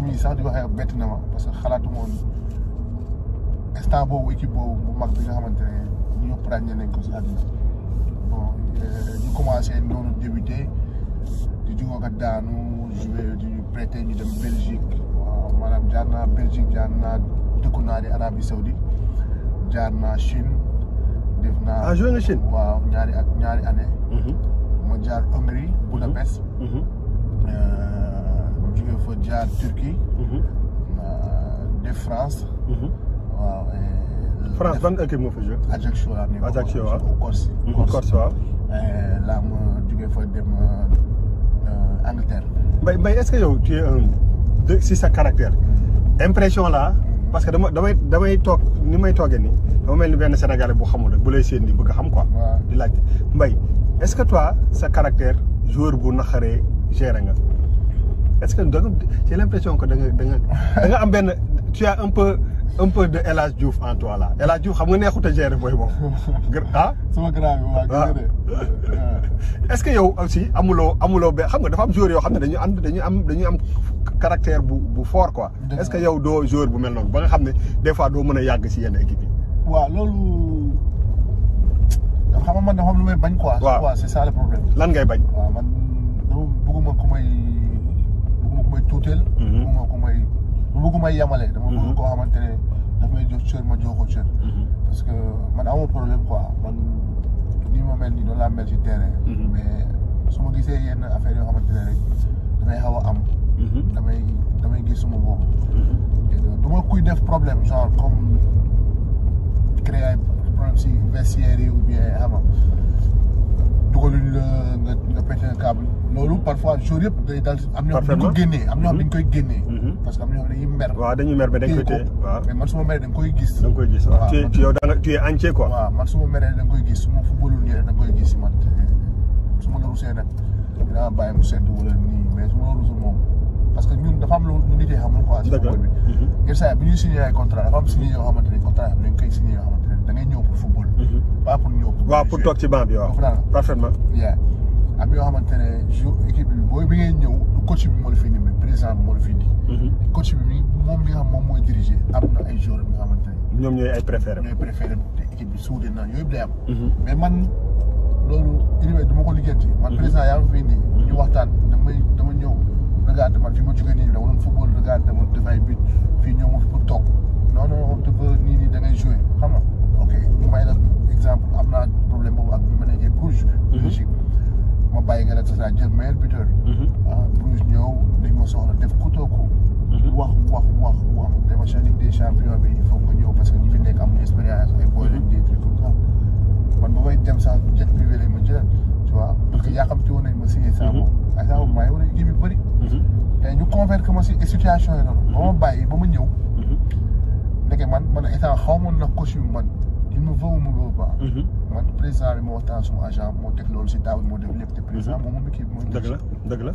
man mii sax di wax na ma parce que xalaatu ma woon instant boobu équipe boobu bu mag bi nga xamante ne ñëpp ràññee nañ ko si àdduna bon euh, ñu commencé noonu débuté di jugoo ak daanu joué di prêté ñu dem Belgique waaw maanaam jaar naa Belgique jaar naa dëkku naa di Arabie jaar naa Chine def naa. ah joué nga Chine waaw ñaari ak ñaari année. Mhm. ma jaar Hongrie jóge fa jaar Turquie. Mhm. de France. Mhm. waaw. France ban équipe nga fa joué. Ajaccio laa nekk Ajaccio waaw mhm, Corse. Corse waaw. laa ma jóge fa dem euh, Angleterre. Mbaye Mbaye est-ce que yow si sa caractère. impression la parce que dama damay damay toog ni may toogee ni dama mel ni benn Sénégalais bu xamul rek bu lay séen di bëgg xam quoi. di laajte Mbaye est-ce que toi sa caractère joueur bu naqaree gérer est-ce que j'ai l'impression que danga am benn tu un peu un peu de El Hadj Diouf en toi là El Hadj xam nga neexut a gérer booy boobu. Ah? est-ce que yow aussi amuloo amuloo ba xam nga dafa am jour yoo xam ne dañu am dañu am dañu am caractère bu bu fort quoi. est-ce que yow doo joueur bu mel noonu ba nga xam ne des fois doo mën a yàgg si yenn équipe yi. waaw loolu xam nga man bañ quoi. waaw c'est lan ngay bañ. waaw man dama ku may. may tuuteel. bëgguma mhm. ko may bëggu may yemale. dama mhm. bëgg koo xamante ne daf may jox cër ma jox cër. Mhm. parce que man amoo problème quoi man ni ma mel ni noonu laa mel si terrain. mais su ma gisee yenn affaire yoo xamante ne rek damay xaw a am. damay damay gis suma bopp. Euh, du kuy def problème genre comme créer problème si vestiaire yi ou bien xam dugaluñ la nga nga pété câble loolu parfois jour yëpp day dal am ñoo xam ne dañ ko génnee am ñoo xam ne dañ koy mhm. génnee mhm. parce que am ñoo xam ne dañuy koy gis dañ koy gis waaw tu man su meree dañ koy gis su ma footballul nii rek koy gis man su ma la rusee nag bàyyi mu sedd wala nii mais su ma la rusul moom parce que ñun dafa am lu nit yi xamul quoi si football bi mhm. ngir saa ñuy signé ay contrat dafa am signé yoo xamante ne contrat koy signé yoo xamante da ngay ñëw pour football. Mhm. pas pour ñëw pour. waaw pour toog ci banc bi waaw. parfaitement. bien ne jour équipe bi booy bi ngay ñëw du coach bi moo la fi indi mais bi mhm. moom xam moom mooy diriger am na ay joueurs bi nga xamante ne. ñoom ñooy ay préférés. ñooy préférés te équipe bi suude na yooyu day am. Mhm. mais man loolu univers du ma ko liggéeyati. man président yaa ngi fi indi. ñu waxtaan damay dama ñëw. regarde man fi ma jógee nii da waroon football regarde man dafay but fii ñëw ma fi pour toog non non on te da ngay joué xam nga. may na exemple am naa problème boobu ak bi ma nekkee Bruges. Mhm. Belgique bàyyi nga la te saa jël meilleur buteur. ah Bruges ñëw dañ ma soxla def kutoo ko. Mhm. wax wax wax wax dama sa Ligue des champions bi il faut que ñëw parce que ñi fi nekk am expérience ay boy mhm. lañ des trucs comme ça man ba may dem sax jet privé lañ ma jël tu vois parce que yaakamti woon nañ ma si situation yi noonu. ba ma bàyyi ba ma ñëw. ndeke man man état xaw ma na coach yu il me vaut mu loolu baax. man mhm. président moo waxtaan suma moo teg loolu si table moo def lépp te président mhm. moom moom équipe mooy. dëgg la dëgg la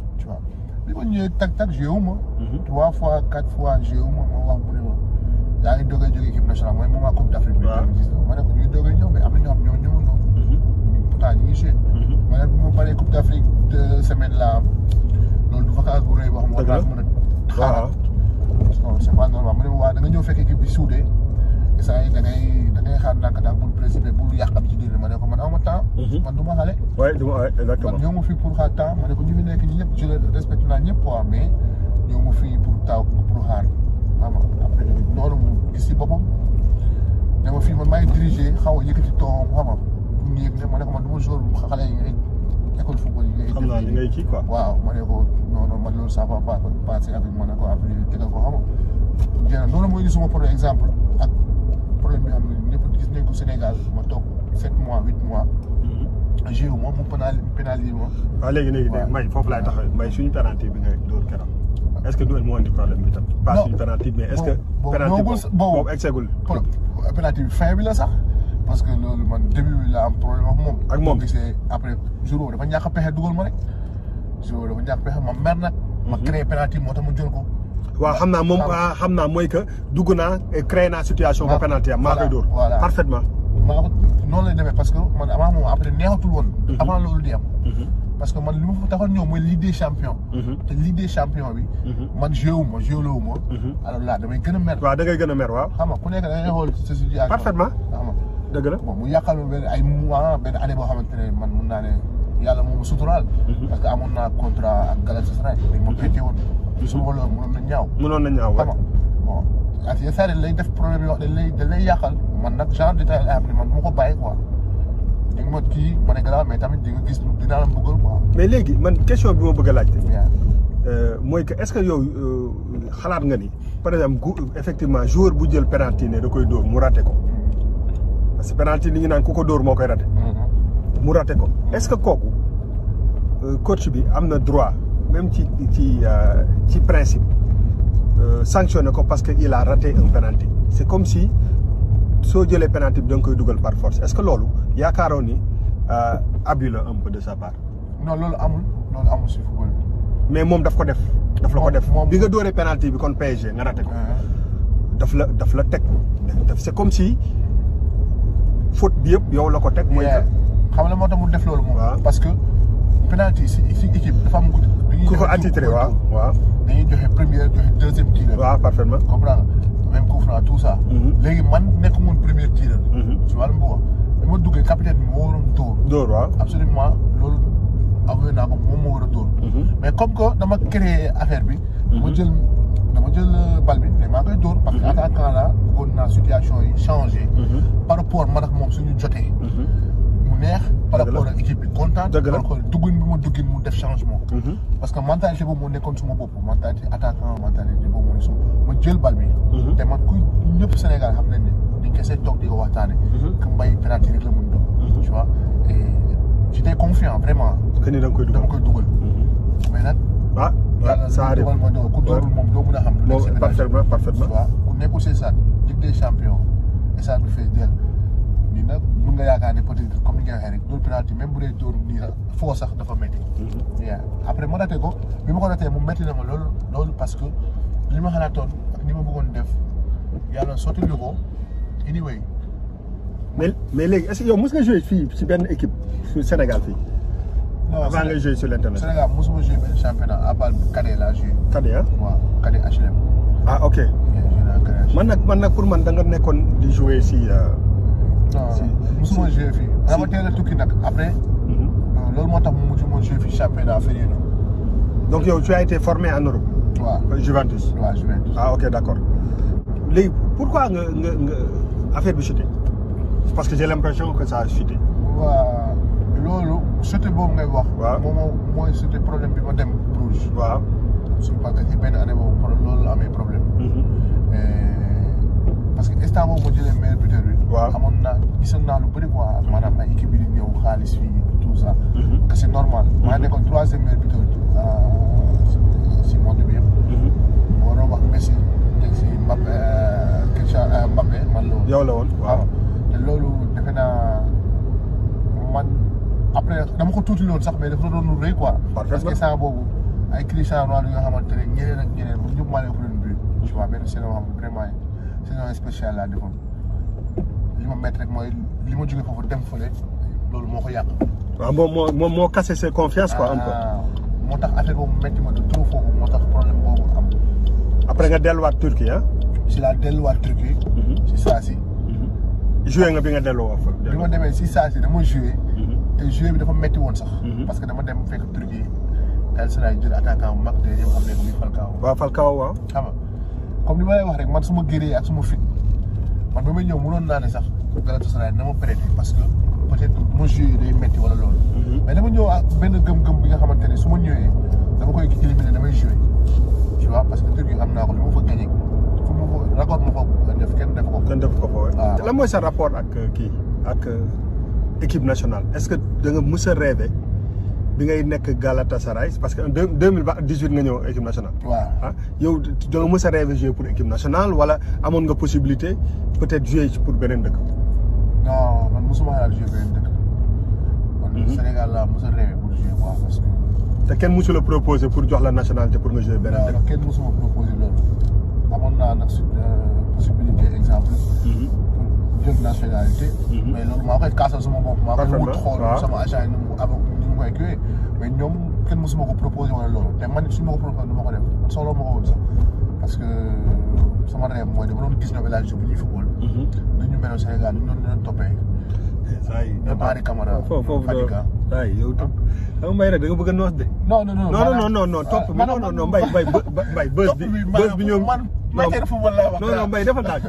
ma ñëwee tak tak joué wu ma. Mhm. trois fois quatre fois joué wu ma ma wax mu ne ma yaa ngi doog a jóge équipe nationale mooy moment coupe d' afrique bi. waaw ma ne ko ñu ngi doog a ñëw mais am na ñoo xam ñoo ñëwoon noonu. pourtant ngi joué. ma ne bu ma paree coupe d' afrique deux semaines la am loolu du vacance bu rëy boo xam. dëgg la wax nga mën a xaaral. non c' est pas normal ma ne ma waa da nga ñëw fekk équipe bi saa yi da ngay da ngay xaar ndànk daal bul précipité bul yàqam ci diir ma ne ko man aw temps. man du xale. waaye man fi nekk ñi ñëpp je le respecte naa mu si boppam ne ma fii man maay diriger a yëkkati ko man du ma jour xale yi ngay école football yi ngay. xam naa li ngay kii quoi. waaw ma ne ko non non man ko après tegal ko xam nga. jërëjëf loolu mooy ni suma premier exemple problème bi am na ñëpp gis nañ ko Sénégal ma toog sept mois huit mois. Mhm. jeu moom mu pénal pénalisé moom. waaw ah, léegi léegi léegi Mbaye foofu laay taxawee Mbaye suñu penalty bi nga dóor keroog. est ce que duel moo indi problème bi tam. pas suñu penalty mais est ce que. penalty boobu exegul penalty bi fin bi la sax. parce que loolu man début bi la am problème ak moom. ak moom gisee après jour boobu dafa ñàkk a pexe dugal ma rek. jour boobu dafa ñàkk a pexe ma mer nag. ma mhm. créé penalty moo tax ma jël ko. waaw xam naa moom ah, xam naa mooy que dugg naa et créé naa situation ba penalty am maa koy dóor parfaitement maa ko noonu lay demee parce que man avant moom après neexatul woon mhm. avant loolu di am mhm. parce que man li ma taxoon ñëw mooy Ligue des champions mhm. te Ligue des champions bi man joué wu ma joué wu ma alors là damay gën a mer waaw da ngay gën a mer waaw xam nga ku nekk da ngay xool sa situation parfaitement xam nga dëgg la bon mu yàqal ma benn ay mois benn année boo xamante ne man mun naa ne yàlla moom suturaal parce que amoon naa contrat ak Galatasaray dañ ma pété woon toujours wala mënoon na ñaaw. mënoon na ñaaw waaw bon as yéen lay def problème yoo xam ne dañ lay yàqal man nag genre détail la am man du ma ko bàyyi quoi. di nga kii ma ne gannaaw mais tamit di nga gis dinaa la bëggal quoi. mais léegi man question bi ma bëgg a laajte. Euh, mooy que est-ce que yow euh, xalaat nga ni par exemple gu effectivement joueur bu jël penalty ne da koy dóor mu raté ko mm-hmm. parce que penalty li ñu naan ku ko dóor moo koy raté. Mm-hmm. mu raté ko mm-hmm. est-ce que kooku euh, coach bi am na droit. même ci ci euh, ci principe euh, sanctionné ko parce que il a rate un penalty c'est comme si soo jëlee penalty bi da nga koy dugal par force est-ce que loolu yaakaaroon ni euh, abus la un de sa part. non loolu amul loolu amul si football bi. mais moom daf ko def. daf la ko def moom bi nga dóoree penalty bi kon PSG nga raté ko. Uh-huh. daf la daf la teg c'est comme si faute bi yëpp yow la ko teg. mooy xam nga moo tax mu def loolu moom. parce que penalty si si dafa am guddi. ku ko attitré waaw waaw. dañuy joxe première joxe deuxième tireur. waaw parfaitement. comprendre même coup franc tout ça. Mhm. léegi man nekk moon première tireur. su mhm. wàllum bu bi ma duggee capitaine bi moo waroon dóor. dóor waaw absolument loolu avoué naa ko moom moo war a dóor. Mhm. mais comme que dama créé affaire bi. du ko jël ma jël euh, bal bi mais ma koy dóor. parce que en tant que là bëggoon naa situation yi changé. par rapport man ak moom suñu jotee. mu neex. par rapport ak équipe bi kontaan. dëgg la mu def changement. Mhm. parce que mentalité boobu ma jël bal bi. Mhm. te man ku ñëpp Sénégal xam nañ ne dañ kese toog di ko waxtaanee. Mhm. que mbay penalty rek la mun doon. tu vois et vraiment. que ni da nga koy dugal dama koy dugal. mais nag. ah ah ça arrive yàlla dugal ma ku dóorul moom doo mën a xam. moom parfaitement parfaitement. tu vois ku nekkul si stade Ligue des champions stade bi fees dell. nii nag mun nga yaakaar ne peut-être comme ni nga waxee rek dóor penalty bu dee dóor nii sax foo sax dafa métti. waaw mm-hmm. après ma ratee ko bi ma ko ratee mu métti na ma loolu parce que li ma xalaatoon ak ni ma bëggoon def yàlla sotti lu ko anyway. mais mais léegi est mos fii si benn équipe fii. non avant nga joué sur l'internet. Sénégal mosuma joué benn championnat à part cadet ah, man nag man nag pour man danga nekkoon di joué si. Euh, musuma joué fii dama teel a tukki nag après. Mm-hmm. loolu moo tax mu mujj ma joué fii championnat féminin. donc yow tu as été formé en Europe. waaw euh, Juventus. waaw Juventus ah ok d' accord. léegi pourquoi nga nga nga parce que j'ai l'impression que ça a chuté. loolu chuté boobu ngay wax. waaw moom mooy chuté problème bi ma dem Bruges. waaw suñu parce que ci benn année boobu loolu la amee problème. Mm-hmm. parce que instant ma jëlee meilleur buteur waaw xamoon naa gisoon naa lu bëri quoi maanaam ay équipe yi di xaalis fii tout ça. Mhm. parce que c' est normal. Mhm. maa nekkoon troisième meilleur buteur euh, si monde bi yëpp. boo mhm. doon wax Messi teg si Mbappé euh, Kylian euh, la woon. te loolu defe naa man après dama ko tuuti loon sax mais dafa doon lu rëy quoi. parce que saa boobu ay Cristiano Ronaldo nga xamante ne ñeneen ak ñeneen ñëpp maa leen ko doon bu tu vois benn saison xam vraiment saison spéciale li ma métti rek mooy li ma jugee foofu dem fële loolu moo ko yàq. waaw moom moo moom moo cassé ses confiance quoi. am ah, ko moo tax affaire boobu métti ma de trop foofu moo tax problème boobu am. après nga delluwaat Turquie ah. si laa delluwaat Turquie. Mhm. si saa si. Mhm. joué nga bi nga delluwaat fa. ma demee si saa si dama joué. Mhm. te joué bi dafa métti sax. parce que dama dem fekk Turquie Galatasaray jël attaquant bu mag de yow xam ne muy Falcao. waaw Falcao waaw. xam nga comme ni ma lay wax rek man su ma gëree ak suma ma fit man ba may ñëw mënoon naa ne sax. dara na ma parce que peut-être mesure yi day métti wala loolu. Mhm. mais dama ñëw ak benn gëm-gëm bi nga xamante ne su ma ñëwee dama koy éliminer damay que tur bi am naa ko li ma fa gagné ma fa rapport ma def ko. kenn def ko mooy sa rapport ak euh, kii ak euh, équipe nationale est-ce que danga nga mës a rêvé bi ngay nekk Galatasaray parce que en deux mille dix-huit nga ñëw équipe nationale. waaw ah, yow da nga mës a pour équipe nationale wala amoon nga possibilité peut-être jouer pour beneen dëkk. non man mosuma laal joué benn dëkk. Mhm. Sénégal laa mos a rêvé pour parce que. kenn mosu la proposé pour jox la nationalité pour nga joué benn dëkk. waaw kenn mosuma proposé loolu. amoon naa nag na euh, exemple. Mhm. pour jël nationalité. Mhm. mais loolu maa koy kaasal sama maa koy wut xool sama nu mu am nu mu koy kiiwee. mais ñoom kenn mosuma ko proposé wala loolu te man it su ma ko proposé du ma ko def man soxla ma ko woon sax parce que. sama réew mooy dama doon gis ñoom El Hadj Diouf bu ñuy football. Mhm. nu ñu meloon Sénégal ñu doon leen toppee. saa yi Amari Camara. foofu foofu saa yi yow tam. xam nga Mbaye nag da nga bëgg a noos de. non non non non non non topp bi non non Mbaye Mbaye Mbaye bës bi ñoom. non ba ba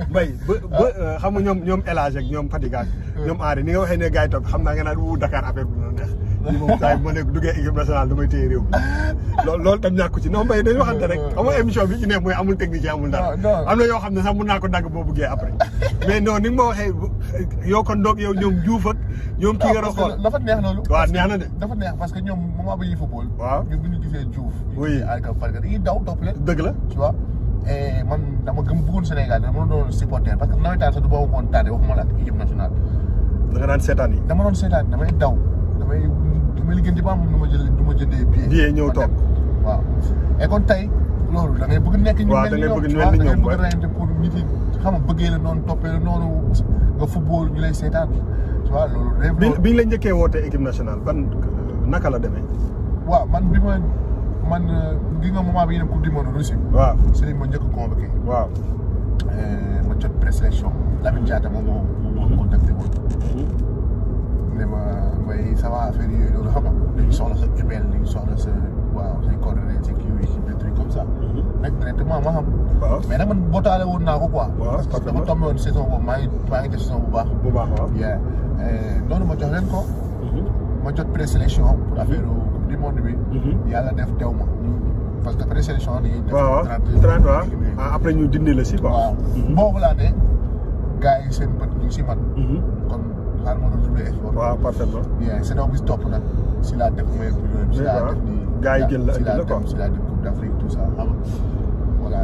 xam nga ñoom ñoom El Hadj ak ñoom Fadiga ak ah. ñoom nga waxee ne gars topp xam naa nga naan wu Dakar affaire bi noonu neex lii moom saa yi bu ma nekk duggee équipe nationale damay rek xam nga émission bi ci ne mooy amul technicien amul dara ah, am yoo xam ne sax mun naa ko dagg boo bëggee après mais non ni nga ma waxee yoo ko ndoog yow ñoom juuf ak ñoom kii nga doon xool dafa neex loolu na de dafa neex parce que ñoom moment bi ñuy football waaw ñun bu ñu gisee juuf oui ak parce que dañuy daw topp leen dëgg la tu vois et man dama gëm bëggoon sax du boobu moon tardé waxuma la ak équipe nationale da seetaan yi dama doon seetaan damay daw ma liggéey ci bambam du ma jël du ma jëndee billet. billet ñëw toog waaw. et kon tey loolu bëgg nekk. ñu mel ni ah, ñoom da ngay bëgg rayante pour nit yi nga bëggee nga football ñu lay seetaan tu vois loolu. bi bi ñu la njëkkee woote équipe nationale ban naka la demee. waaw man bi ma man euh, gi nga moment bi ñu dem coupe du monde waaw Serigne ma njëkk a convoqué. waaw. Euh, ma jot présélection Lamine Diatta moom moo moo contacté woon. Mhm. ne ma may ça va affaire yooyu soxla sa email dañu soxla sa waaw say coordonnées sa kii yi des trucs comme ça. rek ma xam. man bootaale woon naa ko quoi. parce que dama tombé woon saison boobu maa ngi maa ngi def saison bu baax. bu baax waaw bien noonu ma jox leen ko. ma jot présélection pour affaire du monde bi. yàlla def teew ma. parce que présélection dañuy def. waaw 30 waaw après ñu dindi la si quoi. waaw boobu laa ne gars yi seen bët si man. Dakar waaw parfaitement. bien saison si laa def maillot bi. si laa def nii gars jël la indi la si laa def Coupe d'Afrique tout ça xam nga voilà.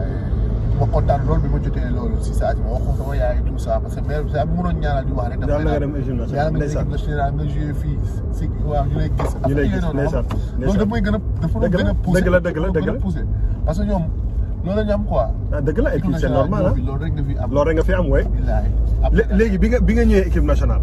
ma kontaan loolu bi ma jotee loolu si saa si ma wax ko sama yaay tout ça parce que mais saa bu mënoon ñaanal di wax rek. dafa lay nga dem équipe nationale a parce que ñoom loolu la ñu am quoi. ah la et puis loolu rek nga fi am loolu léegi bi nga ñëwee équipe nationale.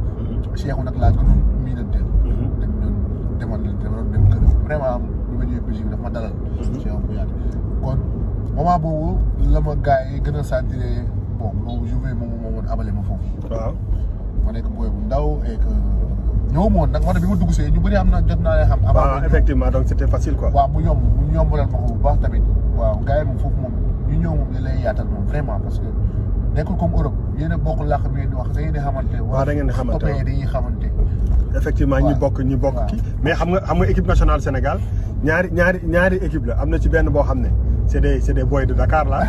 Cheikhou nag laa ko doon miinante. dañ doon demoon nañ doon dem kër vraiment lu ma ñëwee musique dafa ma dalal. Cheikhou Kouyaté kon moment boobu la ma gars yi gën a sentir bon loolu joué moom moo waaw ma nekk bu ndaw et que ñëw moon nag bi ma dugg see ñu bëri am na jot naa leen xam. avant effectivement donc c' était facile ko baax tamit waaw gars yi moom foofu moom ñu ñëw moom lay yaatal moom vraiment parce que. nekkul comme Europe yéen a bokk làkk bi ngeen di wax da ngeen di xamante. waaw da ngeen effectivement ñu bokk ñu bokk kii. mais xam nga xam nga équipe nationale Sénégal ñaari ñaari ñaari équipe la am na ci benn boo xam ne c' est des c' est de Dakar la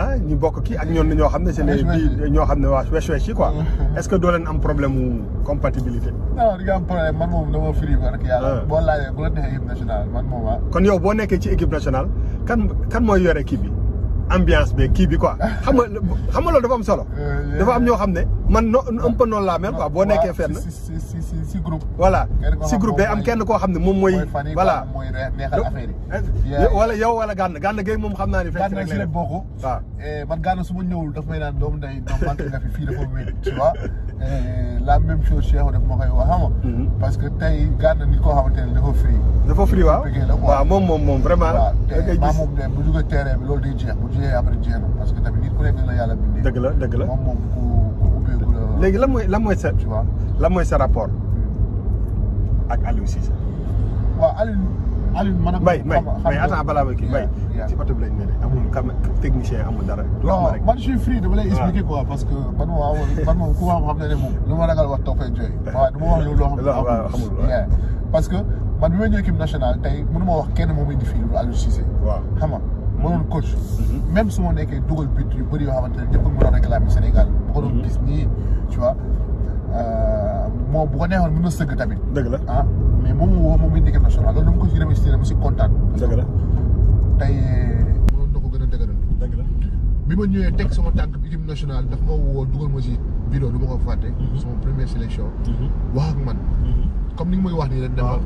ah ñu bokk ki ak ñoom ñoo xam ne. se est des ñoo xam ne waa wesh wesh yi quoi. est ce que doo am problème mu compatibilité. non di nga ah. boo la neexee équipe nationale ah. kon yow boo nekkee ci équipe nationale kan kan mooy yor kii bi ambiance bi kii bi quoi ah. xam nga xam nga loolu dafa am solo euh, dafa am ñoo xam ne man no un peu noonu laa mel quoi boo nekkee fenn. si si si si si groupe day am kenn koo xam ne moom mooy. voilà mooy neexal affaire yi. Eh, wala yow wala gànn gànn gay moom xam naa ne. fekk rek lay def waaw eh, man gànn su ñëwul daf may naan doomu ndey doomu fii dafa wéet tu vois eh, la même chose Cheikh mhm. que tey gànn nit koo xamante ne dafa free. dafa free waaw waaw moom moom moom vraiment. da ngay gis bu jeex après jeex parce que tamit nit ku nekk la yàlla bindee. dëgg la dëgg la léegi lan mooy lan mooy sa tu vois lan mooy sa rapport ak Aliou Cissé. waaw Aliou Aliou man ak. Mbaye Mbaye Mbaye attends balaa ma kii Mbaye. ci oto bi lañ ne de amul kam technicien amul dara. wax rek man je suis free dama lay ah. expliquer quoi parce que man ma waaw man moom ku ma xam ne ne moom. lu ma ragal wax toppee jooy. waaw du ma wax loolu loo xam ne amul parce que man bi ma ñëw équipe nationale tey mënu ma wax kenn moom indi fii loolu Aliou Cissé. waaw xam nga. mënoon coach. Mhm. même su ma nekkee dugal but yu bëri yoo xamante ne ñëpp mën a réclamer Sénégal. bu ko doon mhm. gis nii tu vois euh, moom bu ko neexoon mën na sëgg tamit. la ah mais moom moo woo moom muy équipe nationale ko si remercier dama si kontaan. dëgg la tey mënoon na ko gën a dëgëral. dëgg la bi ma ñëwee teg sama tànk équipe nationale daf ma woo dugal ma si vidéo du ma ko fàtte. Mhm. sama première sélection. wax ak man. comme ni nga may wax nii rek. ma demal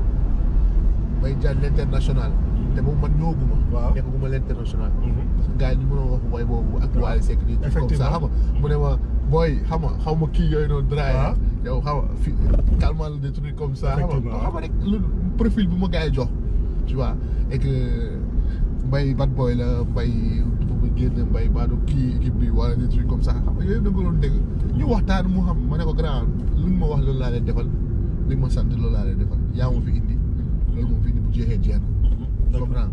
may jàll international. te boobu man ñëwaguma. waaw nekkaguma l'international. Mhm. parce que gars yi ñu mënoon wax booy boobu ak Wally Seck nii. effectivement comme booy xam xaw ma kii yooyu noonu. waaw ah. yow xam nga fi calmant la des trucs comme ça. effectivement bu ma gars yi jox. tu vois et que Mbaye bad boy la Mbaye bu génn Mbaye baadu kii équipe bi wala des trucs comme ça xam nga yooyu da nga doon dégg ñu mu xam ma ne ko grand lu ma wax loolu laa leen defal li ma sant loolu laa leen defal fi indi loolu moom jeexee jeex comprendre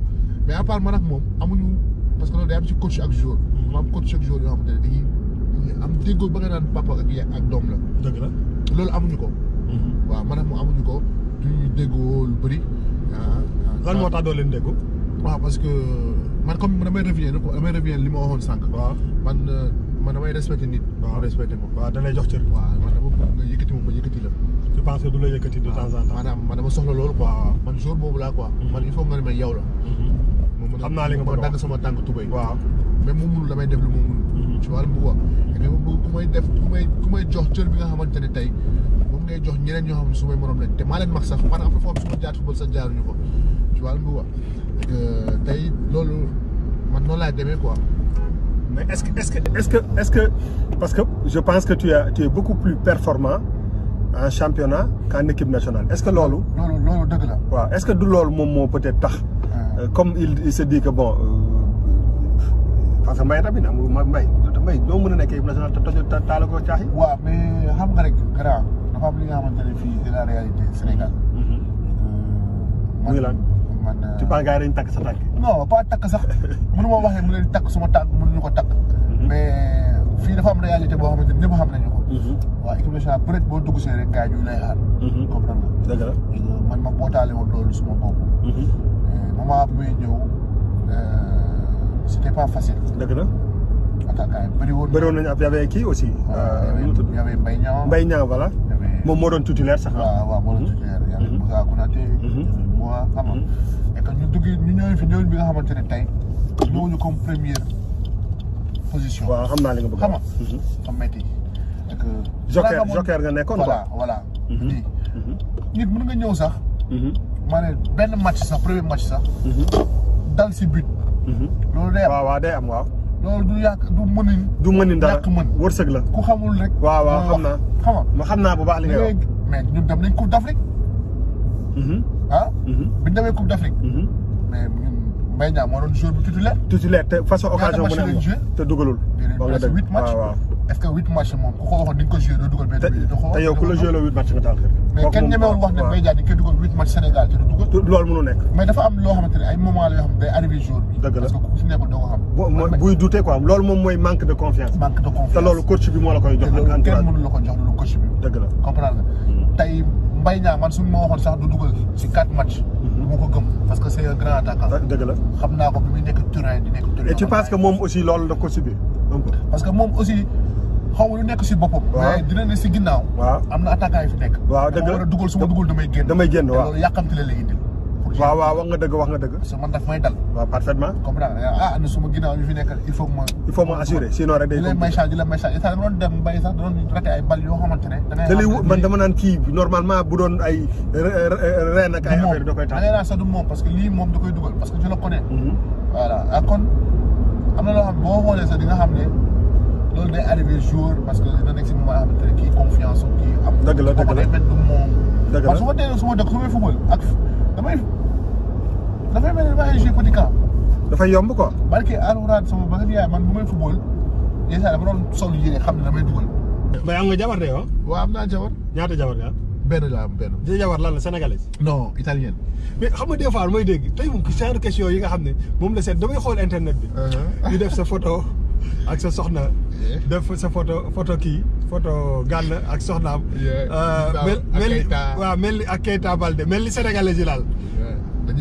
mais à part man moom amuñu parce que loolu day am ci coach ak jour mm-hmm. ma am coach ak jour yoo xamante ne dañuy am déggoo ba nga naan papa ak yaay ak doom la dëgg la loolu amuñu ko mm-hmm. waaw man ak moom amuñu ko duñu déggoo lu bëri ah, ah, lan moo tax doo leen déggu waaw parce que man comme damay revenir li ma waxoon sànq man man damay respecté nit respecté ko waaw da lay jox cër waaw man dama yëkkati moom ma yëkkati la tu penses que du la yëkkati de ah, temps en temps. maanaam man dama soxla loolu quoi. man jour boobu laa quoi. Mm-hmm. man il faut nga ne la. Mm-hmm. xam naa li nga sama tànk tubéy. waaw mais mu munul damay def lu mu munul. ci mm-hmm. wàllum bu def ku may jox cër bi nga xamante ne tey moom ngay jox ñeneen ñoo xam ne su may morom lañ te maa leen mag sax maanaam après foofu su ma jaat football sax jaaruñu ko ci wàllum bu wax euh, tey loolu man noonu laay demee ko mais est-ce que est-ce que est-ce que est-ce parce je pense que tu es tu es performant. en championnat qu'en équipe nationale est-ce que loolu. loolu loolu dëgg la. waaw est-ce que du loolu moom moo peut-être tax. Ah. Euh, comme il se dit que bon. Euh, parce que mbay tamit amul mbay mbay doo mën a nekk équipe nationale te toj taal ko caaxi. waaw mais xam nga rek grand dafa am li nga xamante ne fii de la réalité Sénégal. Mm-hmm. Euh, muy lan man man. tu penses dañu takk sa tànk. non pas takk sax mënu ma waxee mu leen takk suma tànk mënuñu ko takk. Mm-hmm. mais fii dafa am réalité boo xamante ne ñëpp xam nañu ko. Mhm. waaw équipe nationale peut être boo dugg see rek gars yi ñu lay xaar. Mhm. comprendre nga. dëgg la euh, man ma bootaale woon loolu suma bopp. Mhm. moment bi muy ñëw euh, c' était pas facile. dëgg la. Euh, moom moo doon titulaire sax. waaw waaw moo doon titulaire. y avait Moussa Konaté. moi xam nga. et que ñu dugg ñu ñëwee fi bi nga xamante ne tey. ñëwuñu comme première nga bëgg a wax xam nekk. joker joker nga nekkoon quoi voilà voilà. Mhm. Mhm. nit sax. Mhm. maa ne benn match sax premier match sax. dal si but. loolu day am waaw waaw day am waaw. loolu du yàq du mënin. du mënin dara yàq mën ku xamul rek. waaw waaw xam naa xama ma xam bu baax li ngay wax. mais ñun dem nañ Coupe d'Afrique. ah. bi ñu Mbaye Niang moo doon joueur bu titulaire. titulaire te façon occasion bu ne te ah, moom ku ko waxoon di nga te yow ku la joué la huit match nga taal mais kenn ñemewul nekk. mais dafa am loo xamante ne ay moment la yoo xam ne bi. dëgg la parce que doo ko buy douté quoi loolu moom mooy manque de confiance. te loolu coach bi moo la koy jox. ak entraîneur kenn la ko jox loolu coach bi. la comprendre nga hmm. tey bay Niang man suñu ma sax du dugal si quatre matchs. Mhm. du ma ko gëm parce que c' est un grand attaquant. Ah, dëgg la xam naa ko bi muy nekk Turin di nekk Turin. et que moom aussi loolu la ko subir. parce que moom aussi xaw ma nekk si boppam. mais dina ne si ginnaaw. waaw am na attaquant yu fi nekk. waaw dëgg la dama war a dugal ma dugal damay génn. damay génn waaw la lay indil. waaw waaw wax nga dëgg wax nga dëgg. parce que man daf may dal. waaw parfaitement. comprendre ah am na suma ginnaaw ñu fi nekk il faut ma. il faut ma assurer sinon rek day. di leen may charge di leen may charge état doon dem bay sax doon raté ay bal yoo xamante ne. da lay man dama naan kii normalement bu doon ay reen ak ay affaire da koy tax. da sax du moom parce que lii moom da koy dugal parce que je le connais. Mhm. voilà ak ah, kon am na loo xam boo xoolee sax di nga xam ne loolu day arrivé jour parce que dina nekk si moment yoo xamante ne kii confiance am. dëgg la dëgg la kii am kooku day mel du moom. dëgg la parce que su ma teelee su ma dëkk su may football ak damay. dafay mel ni dafay yomb ko barke alxuraan sama ba nga yaay man bu may football yenn saa damay dugal. mais am nga jabar de yow. Ah? waaw am naa jabar. ñaata jabar nga benn laa am benn. di la sénégalaise. mais xam nga des fois mooy dégg tey moom yi nga xam ne moom la seet damay xool internet bi. Uh-huh. sa photo sa soxna. def sa photo photo kii photo gànn ak euh, mel ni ak Keita Balde mel ni sénégalais yi laal.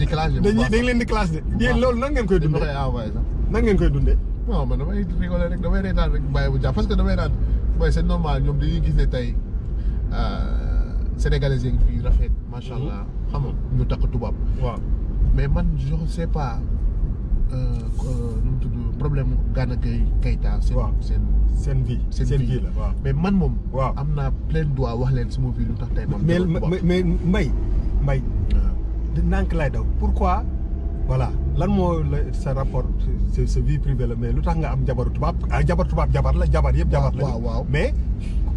dañuy clash de. dañ leen di clash de. waaw loolu nan ngeen koy dundee dañ envoyé koy dundee. non damay rigoler rek damay reetaan rek bàyyi bu jàpp parce que damay naan mooy c'est normal ñoom dañuy gis ne tey euh, sénégalais yi rafet. macha allah mhm. xam nga ñu takk tubaab. waaw mais man je ne pas euh, euh, nu mu tudd problème Gana Gueye Keita. seen seen seen vie. seen vie la waaw mais man moom. waaw am naa plein droit wax leen sama vie lu tax tey. man mais mais nank lay daw quoi voilà lan moo la sa rapport sa vie privée la mais lu tax nga am jabaru tubaab ah jabar tubaab jabar la jabar yëpp jabar la waaw mais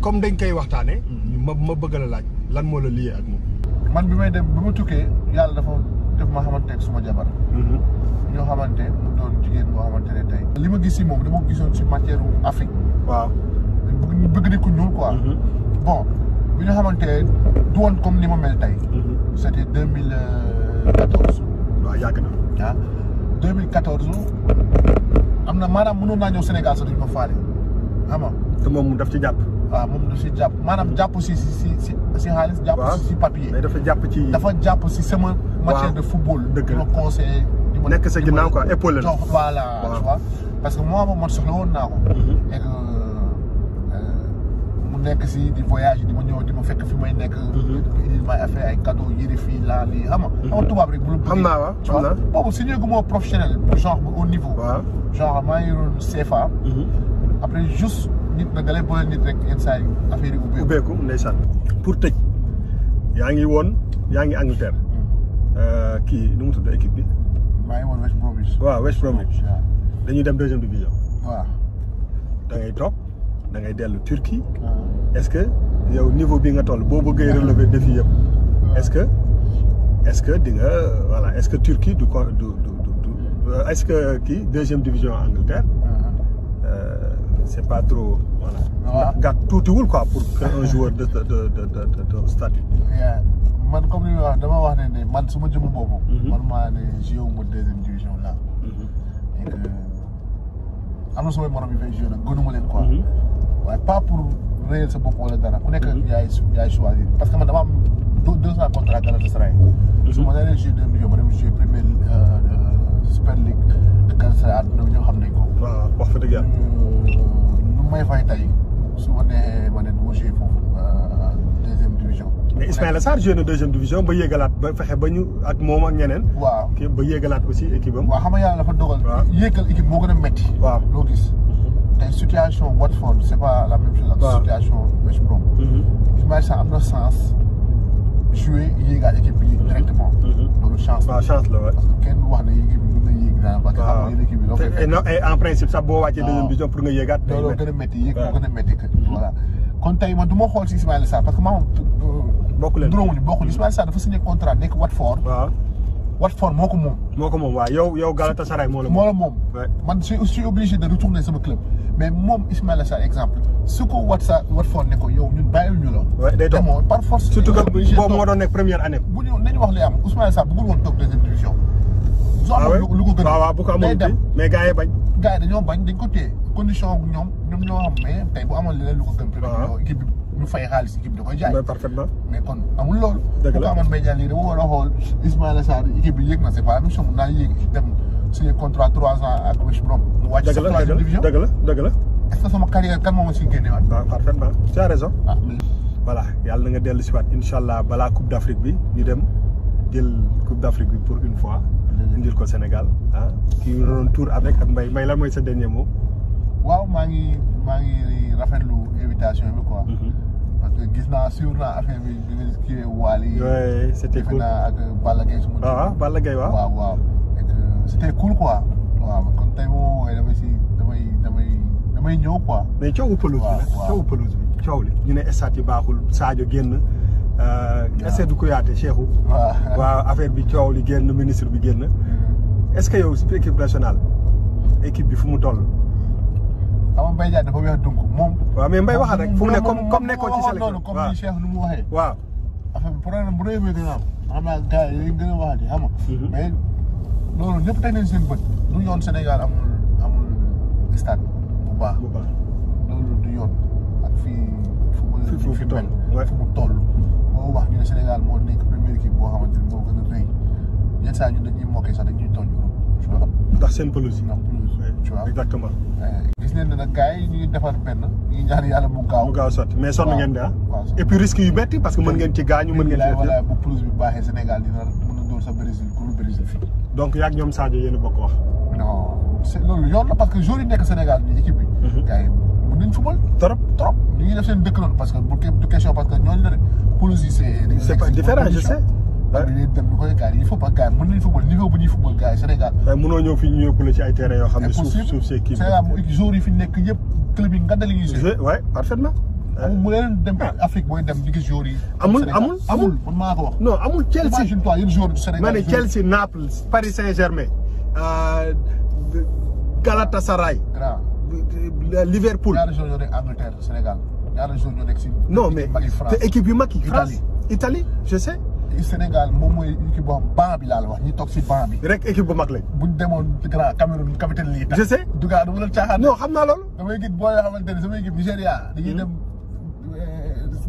comme dañ koy waxtaanee mm-hmm. ma ma bëgg la laaj lan moo la liyee ak moom man bi may dem bi ma tukkee yàlla dafa def ma xamante ak suma jabar mm-hmm. ñoo xamante mu doon jigéen boo xamante ne tey li ma gis si moom dama ko gisoon si matière Afrique waaw bëgg bëgg ni ku ñuul quoi mm-hmm. bon bi ñu xamante du woon comme ni ma mel tey c'était 2014. waaw yàgg na ah 2014 am na maanaam mënoon naa ñëw Sénégal sax duñ ko faale xam ah nga. te moom ci jàpp. waaw ah, moom daf ci jàpp maanaam jàpp si si si si jàpp si si dafa jàpp ci dafa jàpp si sama. matière de football. dëgg la ma nekk sa ginnaaw quoi épaule la. donc voilà parce que moi moom man soxla woon naa nekk si di voyage di ma ñëw di ma fekk fi may nekk. Mhm. di may affaire ay cadeau yëri fii laa lii xam nga. xam mhm. nga tubaab rek bu xam naa waaw xam boobu si ñëw gu moo professionnel genre au niveau. genre maa ngi doon CFA. Mhm. après juste nit na dalay boole nit rek yenn saa yi affaire yi pour tëj yaa ngi woon yaa ngi Angleterre. Mm. Euh, kii nu mu tudd équipe bi. maa ngi woon West Bromwich. dañuy dem deuxième division. waaw da ngay toog. da ngay dellu Turquie. Ah. est-ce que yow niveau bi nga toll boo bëggee relever défi yëpp. Ah. est-ce que est-ce que di nga voilà est-ce que Turquie du ko du euh, est-ce que kii deuxième division Angleterre. Ah. Euh, c'est pas trop voilà. gàtt tuutiwul quoi pour que un joueur de de de de de statut. man comme li wax dama wax ne ne man su ma jëm boobu. Mm-hmm. man maa ne joué wu deuxième division là. Mm-hmm. am na samay morom yu fay joué nag gënuma leen quoi. Mm-hmm. waaye pas pour réyal sa bopp wala dara ku nekk mhm. yaay yaay choisir parce que man dama am deux cent contrat Galatasaray mhm. su ma nee joué deux millions ma dem joué premier euh, super league Galatasaray àdduna bi ñoo xam nañ ko wax fa dëgg euh, lu may fay ma nee ma ne du ma joué foofu euh, deuxième division mais Ismaïla Sarr joué division ba yéegalaat ba fexe ba ñu ak moom ak ñeneen. waaw ba yéegalaat aussi équipe am. waaw xam nga yàlla dafa dogal. waaw yéegal équipe moo gën a métti. waaw loo tey situation Watford c'est pas la même chose ak situation West Brom Ismaïla Sarr am parce que kenn wax ne yéegi bi mën na yéeg daal parce que xam nga équipe bi loo boo wàccee deuxième division pour nga yéegaat loolu kon tey man du ma xool si Ismaïla Sarr parce que maa moom euh, bokk leen duróomuñu bokkul Ismaïla contrat nekk Watford Watford moo ko moom moo ko moom waaw yow yow Galatasaray moo la moom moo la moom man je suis obligé de retourner sama club mais moom Ismaïla Sarr exemple su ko wat sa wat foon ne ko yow ñun bàyyil ñu la. day toog par force. surtout que bu ñu nañu woon toog deuxième division. ah oui lu a bu ko amoon bi mais gars yi bañ. gars yi dañoo bañ dañ ko téye condition bu ñoom ñoom ah. amul loolu. bu ko amoon may jaay léegi dafa war a xool Ismaïla Sarr équipe bi yéeg na c'est pas mission naa yéeg dem signé contrat trois ans ak West Brom. mu wàcc sa troisième division dëgg la dëgg la est-ce que sama carrière kan moo ma siy génneewaat. waaw parfaitement tu as raison. Ah. voilà yàlla na nga dellu si waat incha allah balaa Coupe d'Afrique bi ñu dem jël Coupe d'Afrique bi pour une fois. indil ko Sénégal ah. kii doon tour avec ak Mbaye Mbaye lan mooy sa dernier mot. waaw maa ngi maa ngi rafetlu invitation bi quoi. Mhm. parce que gis naa suivre naa affaire bi bi nga kii Waly. oui c'était cool defe naa ak Balla Gaye su ma. waaw ah, waaw Balla Gaye waaw waaw waaw. c'était cool quoi. waaw kon tey bu ma woowee damay si damay damay damay ñëw quoi. mais coowu pelouse bi la coowu coow li ñu ne stade yi baaxul Sadio génn. Euh, waaw Seydou Kouyaté Cheikhou. waaw waaw affaire bi coow li génn ministre bi génn. Mm-hmm. est-ce que yow si équipe nationale équipe bi fu mu toll. xam nga Mbaye Dia dafa weex dugg moom. waaw mais Mbaye waxal rek fu mu ne comme comme nekkoon ci. sélection waaw loolu ñëpp teg nañ seen bët lu yoon Sénégal amul amul stade bu baax. bu baax loolu du yoon ak fii. fi fi fi toll fi mu toll. boo wax ñu ne Sénégal moo nekk première équipe boo xamante ni moo gën a rëy yenn saa ñun dañuy mokkee sax dañuy tooñ. tu vois ndax seen pelouse. ndax pelouse tu vois ne ñu ngi defar benn ñu ngi ñaan yàlla mu gaaw. mu gaaw sotti mais sonn ngeen de ah. et yu métti parce que mën ngeen ci gaañu mën ngeen ci def. bu pelouse bi baaxee Sénégal dina sa Brésil ku lu Brésil fii. donc yaa ñoom Sadio yéen bokk wax. non c' loolu yoon la parce que joueurs yi nekk Sénégal mhm. yi mën koy gars yi il faut pas nañu football niveau bu ñuy football gars Sénégal. waaye mënoo ñëw fii ñu ci ay terrain yoo suuf suuf c' est kii yi fi nekk yëpp club nga dal yi ñuy joué. waaye parfaitement amul mu leen dem Afrique booy dem di gis joueurs yi. amul amul amul man maa ko wax. non amul Chelsea imagine toi yéen joueurs du Sénégal. ma ne Chelsea Naples Paris Saint-Germain. Euh, Galatasaray. Euh, Liverpool. ñaari joueurs ñoo mais te yu mag yi France Italie je sais. Sénégal moom mooy équipe boo xam banc bi laa la wax ñi toog si banc bi. rek équipe bu mag lañ. buñ demoon grand Cameroun capitaine lii. je na Duga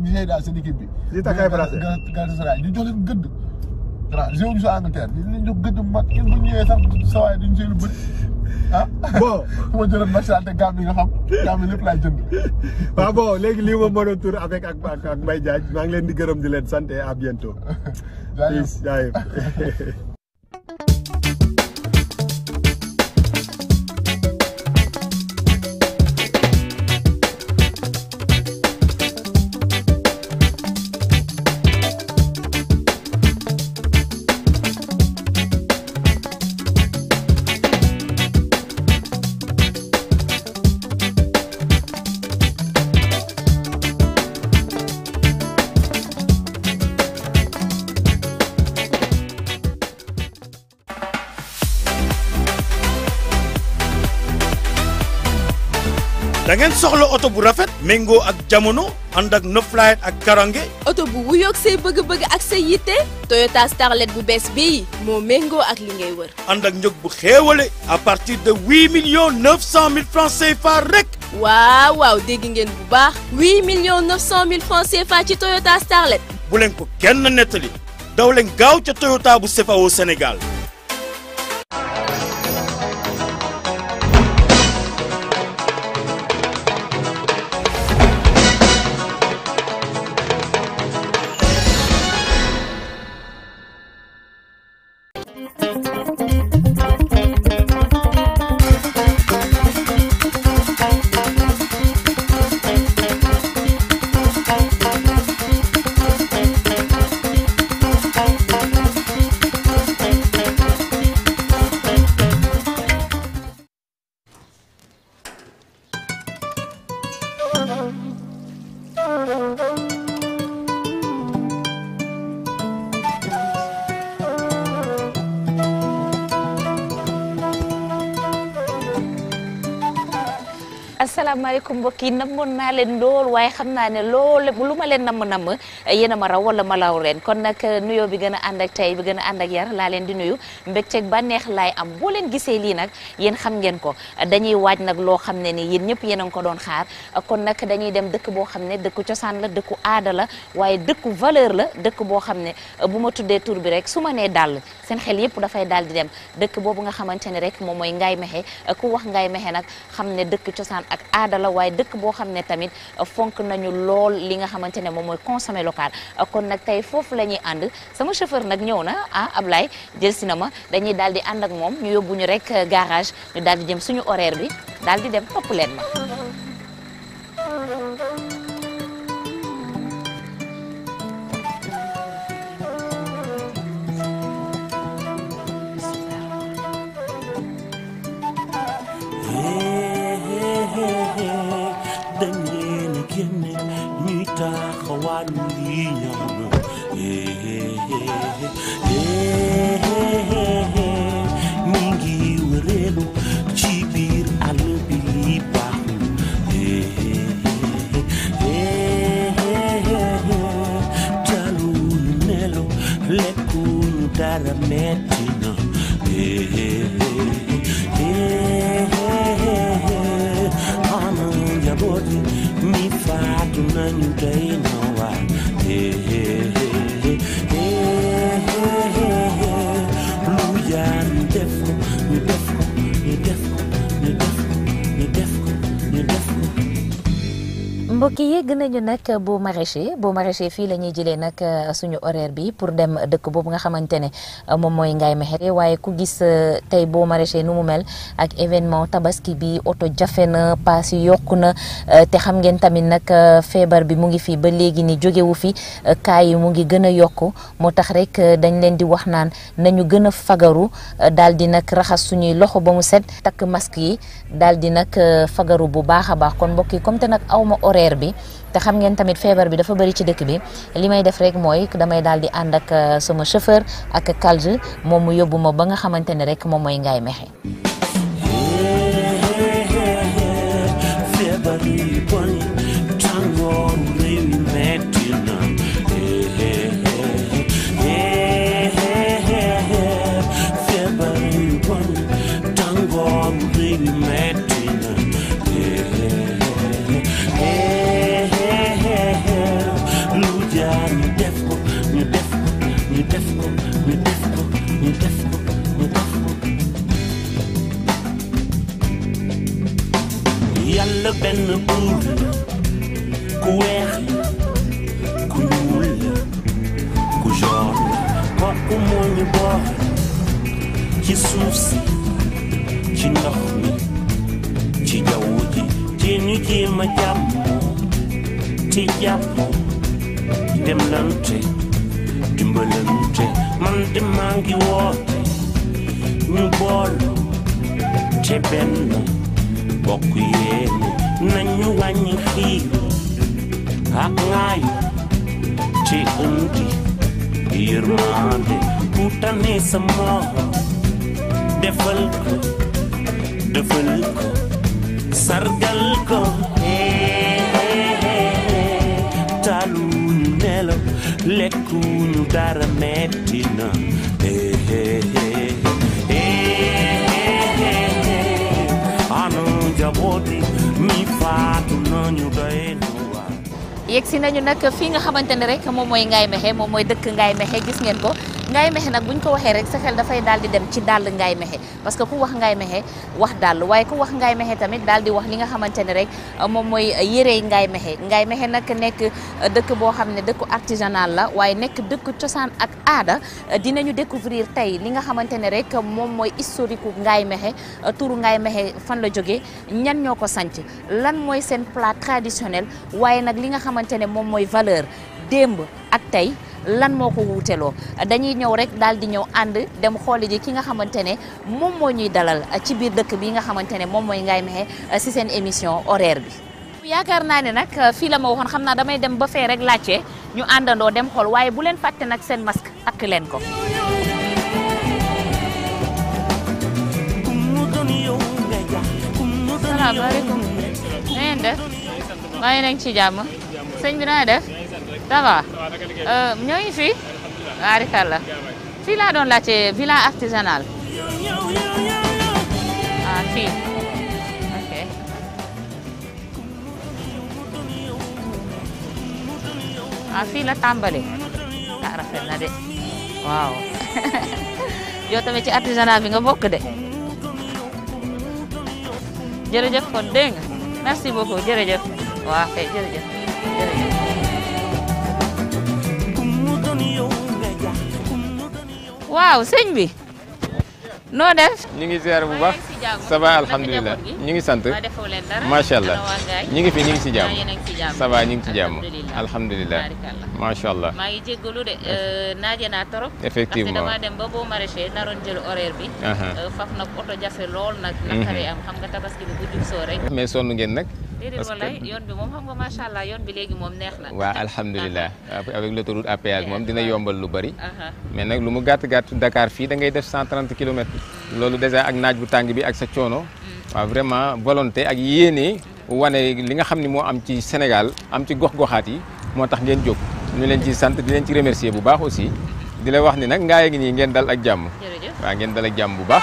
Nigéria seen équipe bi. di takkaay français Galatasaray ñu jox leen gëdd. waaw jéem sa Angleterre di leen jox gëdd mat kenn bu ñëwee sax sa waay duñ cee lu bëri ah. bon fu ma jëloon marchandé gàmm yi nga xam gàmm yi lépp moo doon tour avec ak ak Mbaye maa ngi leen di gërëm di leen sant et à soxla oto bu rafet méngoo ak jamono ànd ak noflaay ak karange oto bu wuyoog say bëgg-bëgg ak say yitte Toyota Starlet bu bees bii moo méngoo ak li ngay wër ànd ak njëg bu xéewale à partir de huit millions neuf cent mille francs CFA rek waaw waaw dégg ngeen bu baax huit millions neuf cent mille francs CFA ci Toyota Starlet bu leen ko kenn nettali daw leen gaaw ca Toyota bu CFAO Sénégal asalaamaaleykum mbokk yi namoon naa leen lool waaye xam naa ne lool lu ma leen namm namm yéen a ma raw wala ma law leen kon nag uh, nuyoo bi gën a ànd ak tey bi gën a ànd ak yar laa leen di nuyu mbégteeg bànneex laay am boo leen gisee lii nag yéen xam ngeen ko dañuy waaj nag loo xam ne ni yéen ñëpp yéen a ngi ko doon xaar kon nag dañuy dem dëkk boo xam ne dëkku cosaan la dëkku aada la waaye dëkku valeur la dëkk boo xam ne uh, bu ma tuddee tur bi rek su ma nee dàll seen xel yëpp dafay daal di dem dëkk boobu nga xamante ne rek moom mooy ngaay mexe uh, ku wax ngaay mexe nag xam dëkk cosaan ak aada waaye dëkk boo xam ne tamit fonk nañu lool li nga xamante ne moom mooy consommer local kon nag tey foofu la ñuy ànd sama chauffeur nag ñëw na ah Ablaye jël si na ma dañuy daal di ànd ak moom ñu yóbbu ñu rek euh, garage ñu daal di jëm suñu horaire bi daal di dem topp leen ma inyama mi ngi wërelu ci biir àll bi li baaxul jaluñu nelo lekkuñu dara metti mbokk yi gën nañu nag bu maraîcher bu maraîcher fii la ñuy jëlee nag euh, suñu horaire bi pour dem dëkk boobu nga xamante ne euh, moom mooy ngay Mékhé waaye ku gis euh, tey boo maraîcher nu mu mel ak événement tabaski bi oto jafe na paas yi yokku na te xam ngeen tamit nag feebar bi mu ngi fii ba léegi ni jógewu fi kaa yi mu ngi gën a yokk moo tax rek dañ leen di wax naan nañu gën a fagaru dal di nag raxas suñuy loxo ba mu set takk masque yi dal di nag fagaru bu baax a baax bi te xam ngeen tamit feebar bi dafa bëri ci dëkk bi li may def rek mooy damay daal di ànd ak euh, sama chauffeur ak calge moom mu yóbbu ma ba nga xamante ne rek moom mooy ngay Mékhé xamante ne moom mooy Ngaye Mékhé moom mooy dëkk Ngaye Mékhé gis ngeen ko Ngaye Mékhé nag buñ ko waxee rek sa xel dafay daal di dem ci dàll Ngaye Mékhé parce que ku wax Ngaye Mékhé wax dàll waaye ku wax Ngaye Mékhé tamit daal di wax li nga xamante ne rek moom mooy yérey Ngaye Mékhé Ngaye Mékhé nag nekk dëkk boo xam ne dëkku artisanal la waaye nekk dëkk cosaan ak aada dinañu découvrir tey li nga xamante ne rek moom mooy historique Ngaye Mékhé turu Ngaye Mékhé fan la jógee ñan ñoo ko sanc lan mooy seen plat traditionnel waaye nag li nga xamante ne moom mooy valeur démb ak tey lan moo ko wuuteloo dañuy ñëw rek daal di ñëw ànd dem xooli ji ki nga xamante ne moom moo ñuy dalal ci biir dëkk bi nga xamante ne moom mooy ngay Mékhé eh, si seen émission horaire bi. yaakaar naa ne nag eh, fii la ma waxoon xam naa damay dem ba fee rek laajte ñu àndandoo dem xool waaye bu leen fàtte nag seen masque takk leen ko. salaamaaleykum na ngeen def waaye nañ ci jàmm sëñ bi na def. ça va euh, ngi fi waarikàlla fii laa doon laajte villa artisanal ah fii ok ah fii la tàmbali ah na de waaw yow ci artisanal bi nga bokk de jërëjëf kon merci beaucoup jërëjëf waaw kay waaw sëñ bi noo def. ñu ngi ziar bu baax ça va alhamdulilah ñu ngi sant macha allah ñu ngi fi ñu ngi si jàmm ça va ñu ngi si jàmm alhamdulilah macha allah. maa ngi jéggalu de euh, naa trop. effectivement parce que ba boo maraîcher naroon jël horaire bi. Euh, faf nag oto jafe lool nag. Mhm. naqare am xam nga tabaski bi bu jub soo sonn ngeen nag. déedéet wallaay yoon bi moom xam nga macha allah moom neex ah. avec l'autoroute à moom dina yombal lu bari. mais nag lu mu gàtt gàtt Dakar fii da ngay def 130 kilomètres. Mm. loolu déjà ak naaj bu tàng bi ak sa coono. Mm. waaw vraiment volonté ak yéene. wane li nga xam ni moo am ci Sénégal am ci gox-goxaat yi moo tax ngeen jóg. ñu leen ci sant di leen ci remercier bu baax aussi. di la wax ni nag ngaa ngi nii ngeen dal ak jàmm. waa ngeen dal ak jàmm bu baax.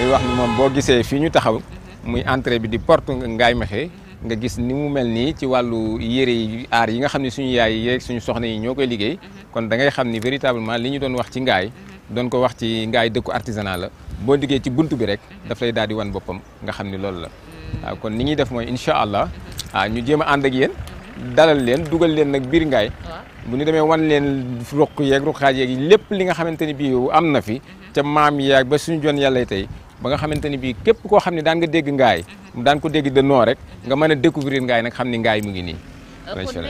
li wax ni moom boo gisee fii ñu taxaw. Mm-hmm. muy entrée bi di porte Ngaye Mékhé nga gis ni mu mel nii ci wàllu yére yi aar yi nga xam ne suñu yaay yeeg suñu soxna yi ñoo koy liggéey mm-hmm. kon dangay xam ni véritablement li ñu doon wax ci ngaay mm-hmm. doon ko wax ci ngaay dëkku artisanat la boo liggéey ci bunt bi rek mm-hmm. daf lay daal di wan boppam nga xam ni loolu la waaw kon ni ñuy def mooy incha allah ah ñu jëm a ànd ak yéen dalal leen dugal leen nag biir ngaay bu ñu demee wan leen ruq yeeg ruqaaj yeeg lépp li nga xamante ni bii am na fi ca maam yaag ba suñu jon yàlla tey ba nga xamante ni bii képp koo xam ne daan nga dégg ngaay daan ko dégg de noo rek nga mën a découvrir ngaay nag xam ni ngaay mu ngi nii euh, kon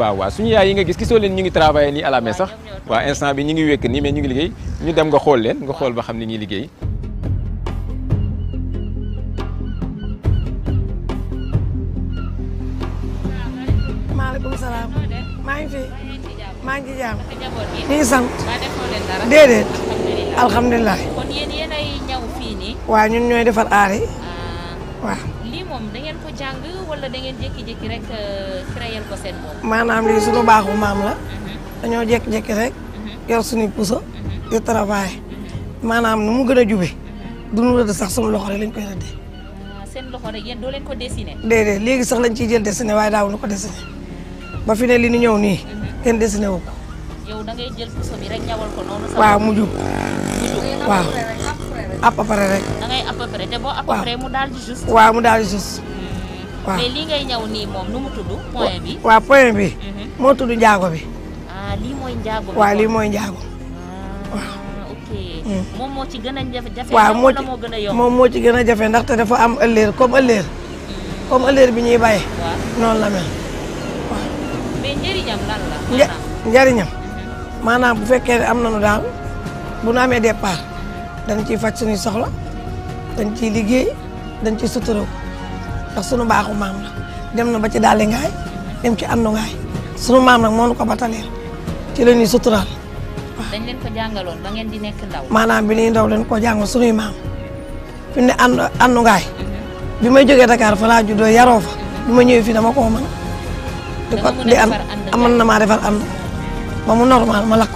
waaw waaw suñu yaay yi nga gis gisoo leen ñu ngi travaillé nii à sax waaw instant bi ñu ngi wékk nii may ñu ngi liggéey ñu dem nga xool leen nga xool ba xam ni ñuy liggéey maa ngi fi ngi ci jàmm ñu ngi alhamdulilah. kon yéen waaw ñun ñooy defar aar yi. Ah. waaw. lii moom da ko jàng wala da ngeen jékki-jékki rek euh, créer ko seen bopp. maanaam lii suñu baaxu maam la. Mhm. dañoo jékki-jékki rek. Mhm. yor suñuy puso. Mhm. di travail maanaam nu mu gën a jubee. du nu rëdd sax suñu loxo rek lañ koy rëddee. Ah, seen loxo rek yéen doo leen ko dessiner. déedéet léegi sax lañ ciy jël dessiner waaye daawuñu ko dessiner ba fi ne li ñu ñëw nii kenn dessiner wu ko. yow da ngay mu jub waaw à rek. da mu daal di juste. waaw mu daal di juste. Hmm. tudd point bi. Mhm. moo tudd njaago bi. ah lii mooy njaago bi. Ah, hmm. moom moo ci gën a jafe. waaw moo ci moo ci gën a jafe ndaxte dafa am ëllëg comme ëllëg. Hmm. bi ñuy bàyyi. waaw noonu la maanaam bu fekkee ne am nañu daal bu nu amee départ dañ ciy faj suñuy soxla dañ ciy liggéey dañ ciy suturoo ndax sunu baaxu maam la dem na ba ci daali ngaay dem ci andu ngaay sunu maam nag moo nu ko bataleel ci la ñuy dañ leen ko jàngaloon ba ngeen di nekk ndaw. maanaam bi ñuy ndaw leen ko jàngal sunuy maam fi ne andu andu bi may jógee dakaar fa laa juddoo yaroo fa bi ma ñëwee fii dama koo mën. di ko di am na maa defar am. ba mu normal ma lakk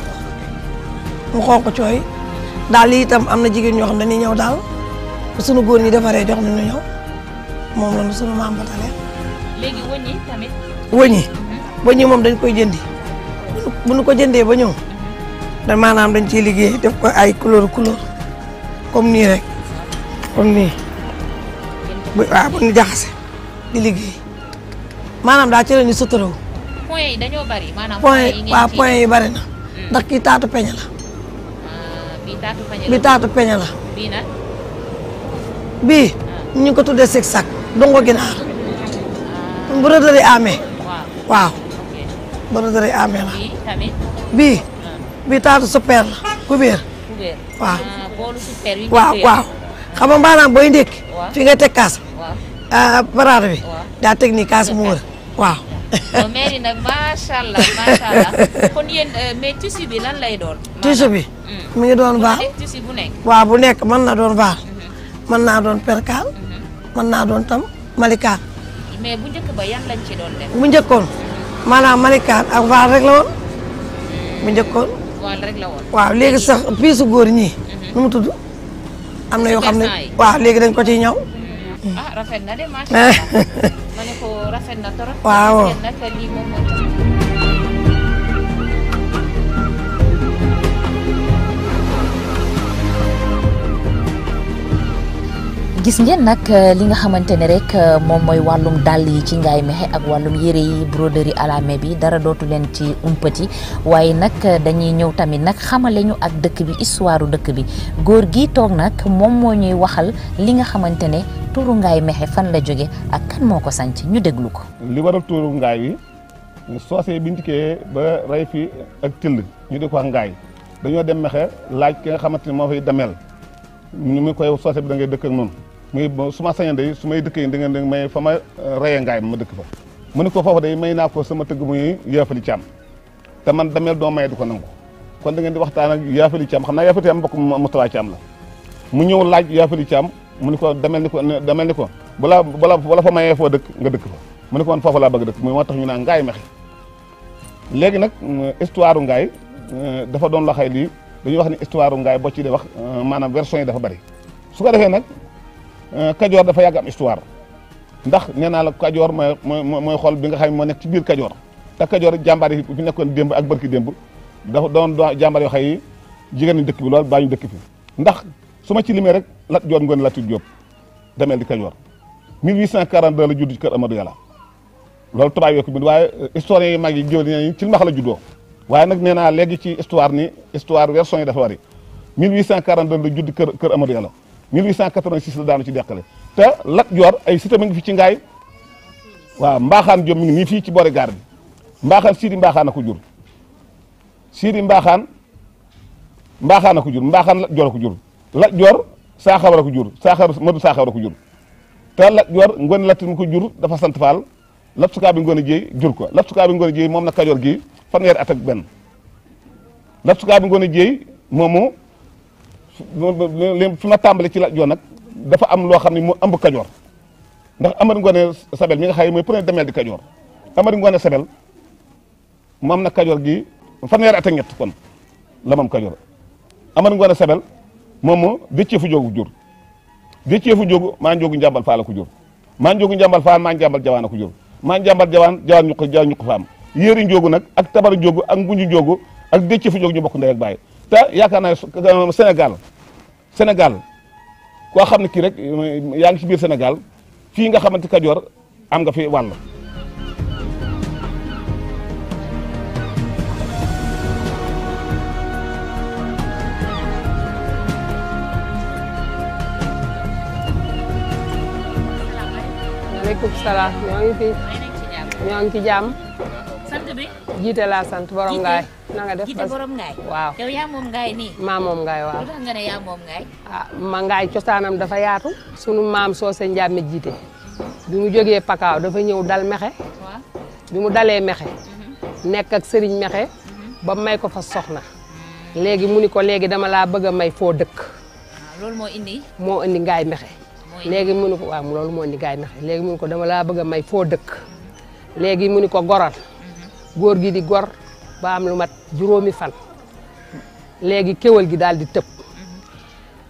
mu xonq cooy daal lii itam am na jigéen ñoo xam dañuy ñëw daal sunu góor ñi defaree jox ñu ñu ñëw moom la sunu maam ba tale léegi wëñ mm-hmm. moom dañ koy jëndi bu ko jëndee ba ñëw mm-hmm. da maanaam dañ ciy liggéey def ko ay couleur couleur comme nii rek comme nii bu bu ñu jaxase di liggéey maanaam daa ci leen di suturoo point yi dañoo yi waaw point yi bari na. Hmm. ndax kii taatu peñe la. Ah, bii taatu peñe la bii taatu peñe la. bii nag. bii ah. ñu ngi ko tuddee sig sac dongo ah. la. bii tamit. taatu super la kubéer. waaw. waaw waaw. xam booy ndékki. fi kaas. waaw bi. daa teg kaas mu wër Oh, mairie nag macha allah macha bi lan lay doon. tissu bi. Hmm. mi doon vaar eh, bu nekk. waaw bu nekk mën na doon vaar. man mhm. naa doon perkaal. Mhm. mën naa doon tam malikaat. mais bu njëkk ba yan lañ ci doon def. njëkkoon mhm. maanaam malikaat ak vaar rek la woon. bu njëkkoon. vaar rek waaw léegi sax piisu góor ñi. nu mu tudd. am na yoo xam ne waaw léegi dañ ko ciy ñaw. ah rafet na de macha allah ma eh. ne ko rafet na trop. waaw gis ngeen nag euh, li nga xamante ne rek euh, moom mooy wàllum dàll yi ci ngay mexe ak wàllum yére yi broderi à la bi dara dootu leen ci umpati waaye nag euh, dañuy ñëw tamit nag xamale ñu ak dëkk bi histoire dëkk bi góor gi toog nag moom moo ñuy waxal li nga xamante ne tuuru ngaay mexe fan la jóge ak kan moo ko sanc ñu déglu ko. li waral turu ngaay bi soosee bi ndikkee ba rey fi ak tëll ñu di ko wax ngaay dañoo dem mexe laaj ki nga xamante ne moo fay demel ñu mu koy dëkk ak muy su ma sañoon day su may dëkk yi da ngeen di may fa ma euh, reye ngaay ma dëkk fa mu ne ko foofu day may naa ko sama ko nangu kon da ngeen di waxtaan ak yaafali caam xam naa yaafali caam mbokk Moustapha Caam la mu ñëw laaj yaafali mu ne ko damel ni ko damel ni ko bu la bu la foo dëkk nga dëkk mu ne ko foofu laa bëgg dëkk muy moo tax ñu naan ngaay nag euh, histoire ngaay euh, dafa doon la xay lii dañuy wax ne histoire ngaay boo ci de wax maanaam version yi dafa bari su ko defee nag Euh, kajoor dafa yàgg am histoire ndax nee naa la kajoor mooy mooy xool bi nga xam ne moo nekk ci biir kajoor te kajoor jàmbaar yi fi nekkoon démb ak barki démb dafa doon jàmbaar yoo xam ne jigéen nañ dëkk bi lool bàyyi ñu dëkk fi ndax su ma ci limee rek Lat Joor Ngoone Latyr Jóob demeel di kajoor 1842 la judd ci kër Amadou Yàlla loolu tubaab yooku bi waaye euh, historiens yi mag yi yi ci max la juddoo waaye nag nee naa léegi ci histoire ni histoire version yi dafa wari 1842 la judd kër kër Amadou Yàlla 1886 la daanu ci deqale te Lat Joor ay sita mi ngi fi ci ngay waaw mbaaxaan jom mi ngi nii fii ci boori gaar bi mbaaxaan siiri mbaaxaan a ko jur siiri mbaaxaan mbaaxaan a ko jur mbaaxaan Lat Joor a ko jur Lat Joor saaxawar a ko jur saaxawar madu saaxawar a ko jur te Lat Joor ngoone latt mi ko jur dafa sant faal lapsukaa bi ngoone jéey jur ko lapsukaa bi ngoone jéey moom na kajoor gii fanweeri at ak benn lapsukaa moomu leen fi ma tàmbali ci la yoon nag dafa am loo xam ne moo ëmb Kajoor ndax Amari Ngoone Sobel mi nga xam ne mooy premier damel di Kajoor Amari Ngoone Sobel moom na Kajoor gi fanweeri at ak ñett kon la moom Kajoor Amari Ngoone Sobel moom moo dëccee fu jógu jur dëccee fu jógu maa njóogu njàmbal faa la ko jur maa njóogu njàmbal faa maa njàmbal jawaan a ko jur maa njàmbal jawaan jawaan ñu ko jawaan ko faam yéeri njóogu nag ak tabar njóogu ak nguñu njóogu ak dëccee fu jógu ñu bokk ndey baay te yaakaar naa senegal senegal koo xam ne kii rek yaa ngi ci biir senegal fii nga xamante Kajoor am nga fi wàll. maaleykum salaam ñoo ngi fi ñoo ngi ci jàmm. sant jiite laa sant borom ngaay waaw yow yaa moom ngaay nii maa moom ngaay ah, ma ngaay cosaanam dafa yaatu sunu maam soose njàmme jiite bi mu jógee pakaaw dafa ñëw dal mexe waaw bi mu dalee mexe mhm. nekk ak sëriñ mexe mhm. ba may ko fa soxna léegi mu ni ko léegi dama laa bëgg may foo dëkk ah, loolu moo indi moo indi ngaay mexe léegi mu ni ko waaw moo indi ngaay mexe léegi mu ko dama laa bëgg a may foo dëkk mhm. léegi mu ni ko goral góor gi di gor ba am lu mat juróomi fan léegi kéwél gi daal di tëb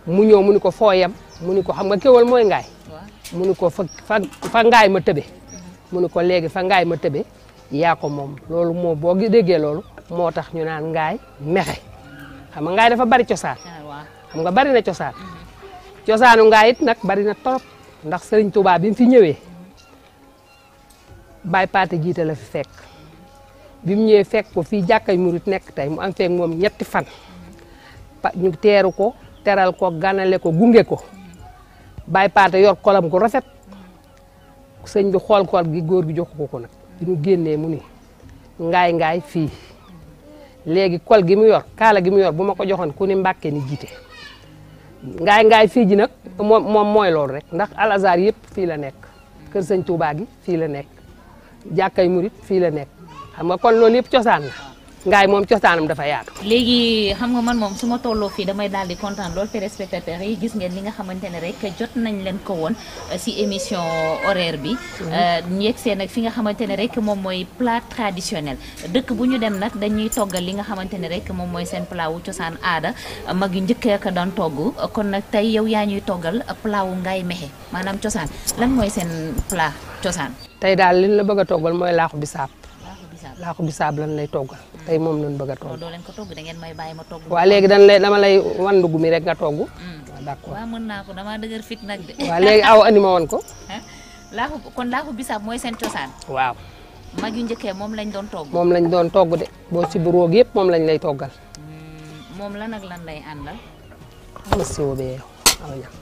mu ñëw mu ni ko foo yem mu ni ko xam nga kéwél mooy ngaay mu ni ko fa fa ngaay ma tëbe mu ni ko léegi fa ngaay ma tëbe yaa ko moom loolu moo boo déggee loolu moo tax ñu naan ngaay mexe xam nga ngaay dafa bari cosaan ah, xam nga bari na cosaan cosaanu ngaay nag bari na trop ndax Sëriñ Tuubaa bi fi ñëwee Baay Paate la fi fekk bi mu ñëwee fekk ko fii jàkkay murit nekk tey mu am feek moom ñetti fan ñu teeru ko teral ko ganale ko gunge ko bàyyi paate yor kolam ko rafet sëñ bi xool kool gi góor gi jox ko ko nag bi mu génnee mu ni ngaay ngaay fii léegi kol gi mu yor kaala gi mu yor bu ma ko joxoon ku ni mbàkke ni jiite ngaay ngaay fii ji moom mooy loolu rek ndax alazar yëpp fii la nekk kër sañ Touba gi fii la nekk jàkkay murit fii la nekk xam nga kon loolu yëpp cosaan la ngaay moom cosaanam dafa yaatu. léegi xam nga man moom su ma tolloo fii damay daal di kontaan lool téléspectateurs yi gis ngeen li nga xamante ne rek jot nañ leen ko woon euh, si émission horaire bi. Mm-hmm. Euh, ñu yegg see nag fi nga xamante ne rek moom mooy plat traditionnel dëkk bu ñu dem nag dañuy toggal li nga xamante ni rek moom mooy seen plat wu cosaan aada mag njëkk njëkkee ko doon togg kon nag tey yow yaa ñuy toggal plat wu ngaay mexe maanaam cosaan lan mooy seen plat cosaan. tey daal li la bëgg a toggal mooy laaxu bisaab. laaxu bisaab lan lay toggal tey moom lañ bëgg a togg. Oh, doo ko togg da may bàyyi ma togg. waaw léegi dañ lay dama lay wan ndugg mi rek nga togg. Mm. waaw d'accord mën naa ko dama dëgër fit nag de. waaw léegi aw andi woon ko. laaxu kon laaxu bisaab mooy seen cosaan. waaw. mag yu njëkkee moom lañ doon togg. moom lañ doon togg de boo si buroog yëpp moom lañ lay toggal. Mm, moom lan ak lan lay àndal. ma siwo bee aw léegi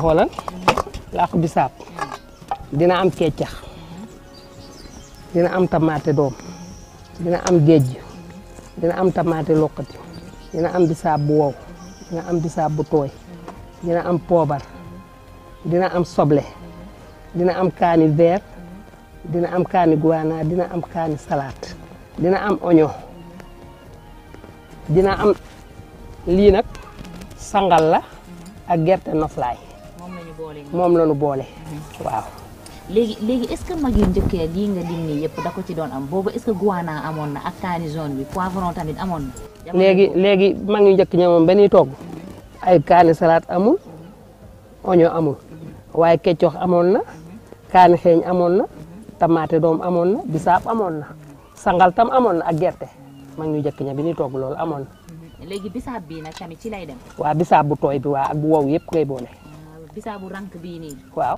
xoolal mm-hmm. laaxu bisaab. Mm. dina am keccax dina am tamaate doom dina am géej dina am tamaate lokkati dina am bisaab bu wow dina am bisaab bu tooy dina am poobar dina am soble dina am kaani vert dina am kaani guana dina am kaani salaat dina am oignon dina am lii nag sangal la ak gerte noflaay moom la ñu boole léegi léegi est-ce que mag yu njëkkee yi nga lim nii yëpp da ko ci doon am boobu est-ce que guana amoon na ak kaani zone bi poivron tamit amoon na. léegi léegi mag yu njëkk ña moom ba ñuy ay kaani salaat amul oignon amul waaye keccox amoon na kaani xeeñ amoon na tamaate doom amoon na bisaab amoon na sangal tam amoon na ak gerte mag ñu njëkk ña bi ñuy togg loolu amoon na. Mhm. léegi bisaab bii nag tamit ci lay dem. waaw bisaab bu tooy bi waa ak wow yépp ngay boole. bisaab bu rank bii nii. waaw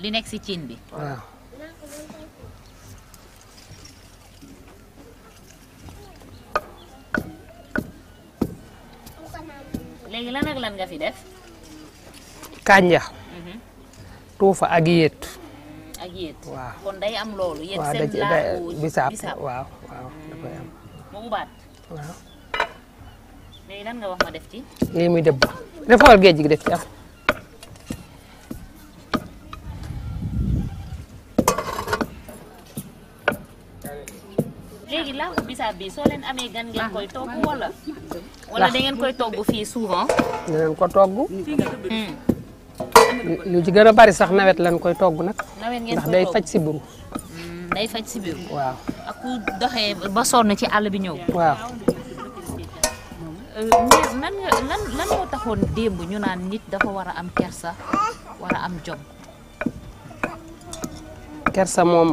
li nekk ci cin bi. waaw. léegi lan ak lan nga fi def. kànja. Mhm. tuufa ak yéet. ak yéet. waaw kon day am loolu. yéet seen laaku bisaab waaw waaw mu ubaat. léegi lan nga wax ma def ci. lii muy dëbb defal géej gi def ci am. léegi laafu bisaab bi soo leen amee gan ngeen koy togg wala. wala koy togg fii souvent. dinañ ko togg. Hmm. ci gën a bari sax nawet lañ koy togg nag. nawet ngeen ndax hmm, day faj si buru. day faj si buru. waaw ak ku doxee ba sonn ci àll bi ñëw. waaw. Euh, nan lan lan moo taxoon démb ñu naan nit dafa war a am kersa war a am jot kersa moom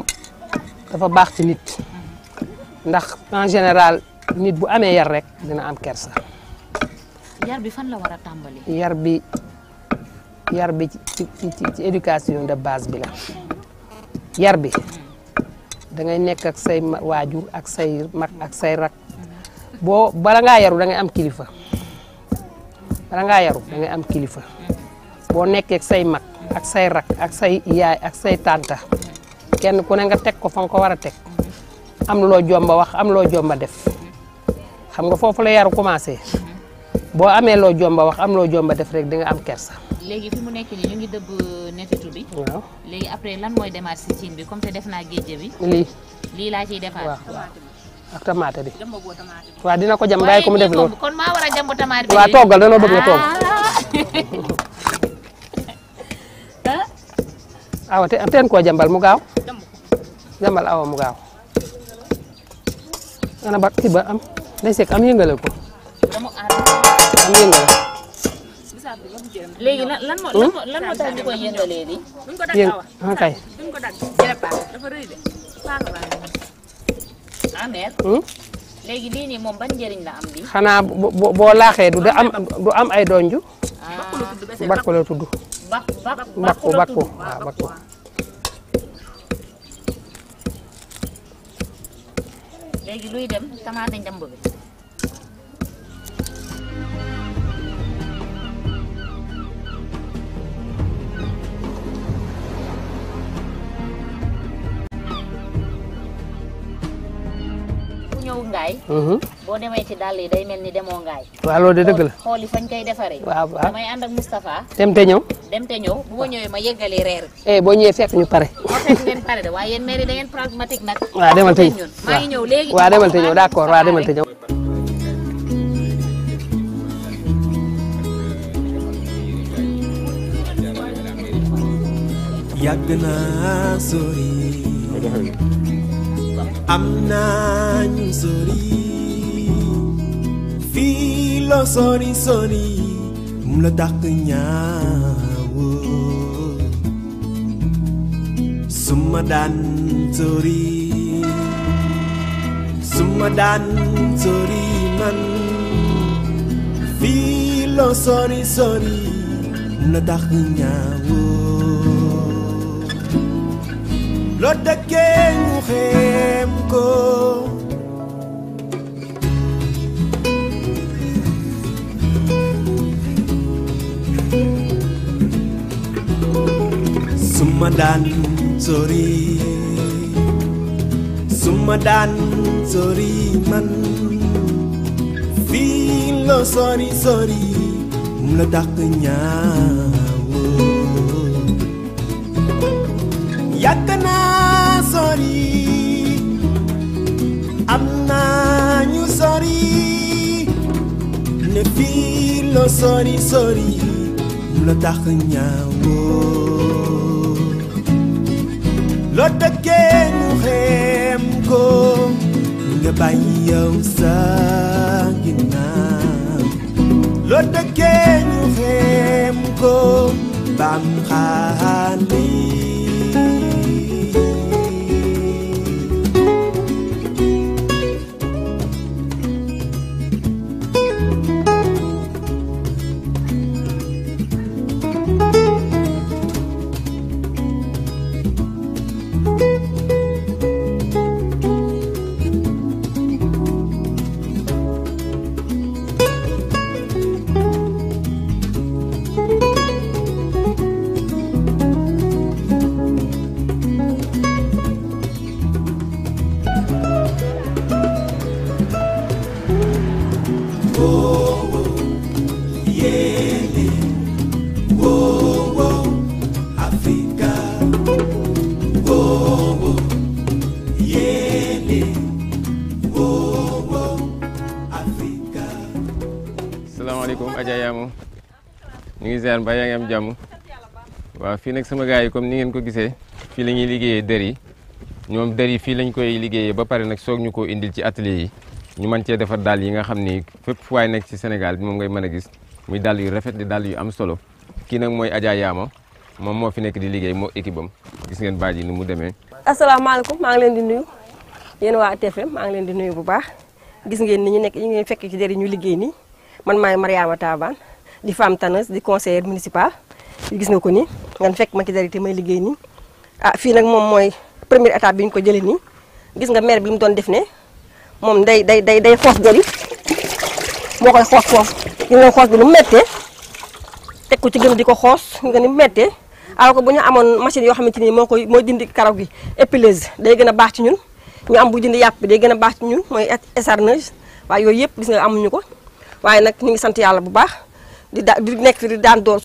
dafa baax ci nit. Hmm. ndax en général nit bu amee yar rek dina am kersa. yar bi fan la war a tàmbali. yar bi yar bi ci éducation de base bi la yar bi da nekk ak say waajur ak say mag ak say rak boo bala ngaa yaru da am kilifa bala ngaa da ngay am kilifa boo nekkee ak say mag ak say rak ak say yaay ak say tànta kenn ku ne nga teg ko fa nga ko war a teg. am loo jomba wax am loo jomba def xam nga foofu la yaru commencé boo amee loo jomba wax am loo jomba def rek di am kersa. léegi fi mu nekk nii ñu ngi dëbb nefitu bi. waaw léegi après lan mooy demaat si bi comme def naa géej bi. lii lii laa ciy defaat. ak tamaate bi. waaw dina ko jam bàyyi ko mu def loolu. kon maa war a bi. waaw toggal danoo bëgg nga togg. awa te teen koo jambal mu gaaw. jambal awa mu gaaw. ana ba ci ba am day sekk am yëngale ko. am yëngale. léegi lan lan moo lan moo tax ñu nii. yëng ah kay. Ah, hmm? léegi lii nii moom xanaa boo boo laaxee du am du am ay donju. Ah. bakku la bakku bakku. léegi luy dem tamaate njamb bi ñëw ngaay mhm. boo demee ci dàll yi day mel ni demoo ngaay waaw dëgg la xooli fañ koy defaree waaw waaw damay ànd dem te ñëw dem ñëwee ma yëggalee reer eh, boo ñëwee fekk ñu pare fekk ngeen pare de waaye yéen maire yi da ngeen pragmatique nag waaw demal te ñëw maa demal te ñëw am naa ñu sori fii loo sori mu la dàq ñaawoo su daan sori su daan sori man fii loo sori mu la dàq ñaawoo loo dëkkee fame go. Suma daan sori suma daan sori man fii la sori sori mu la dàq ñaawoo yàgg naa sori am na ñu sori ne fii loo sori sori mu la tax ñaawoo loo dëkkee ñu xeem ko nga bàyyi yow sa ginnaaw loo dëkkee ñu xeem ko bam xaali waaw fii nag sama gars yi comme ni ngeen ko gisee fii la ñuy liggéeyee der ñoom der yi fii lañ koy liggéeyee ba pare nag soog ñu koo indil ci atelier yi ñu mën cee defar daal yi nga xam ni fépp fu waay nekk ci Sénégal bi moom ngay mën a gis muy dàll yu rafet di dàll yu am solo kii nag mooy Adja Yaama moom moo fi nekk di liggéey moo équipe gis ngeen baaj yi ni mu demee. asalaamaaleykum maa ngi leen di nuyu yéen waa TFM maa ngi leen di nuyu bu baax gis ngeen ni ñu nekk ñu ngi fekk ci der yi ñu liggéey nii man maay Mariama Taban di femme tanneuse di conseillère municipale gis nga ko ni ngan fekk ma ci dara te may liggéey nii ah fii nag moom mooy première état bi ñu ko jëlee nii gis nga maire bi li mu doon def ne moom day day day day xoos goli moo koy xoos xoos gis nga xoos mu méttee teg ko ci gën di ko xoos nga ni mettee méttee alors bu ñu amoon machine yoo xamante ni moo koy mooy dindi karaw gi épileuse day gën a baax ci ñun ñu am bu dindi yàpp day gën a baax ci ñun mooy écharneuse waaye yooyu yëpp gis nga amuñu ko waaye nag ñu ngi sant yàlla bu baax di da di nekk di daan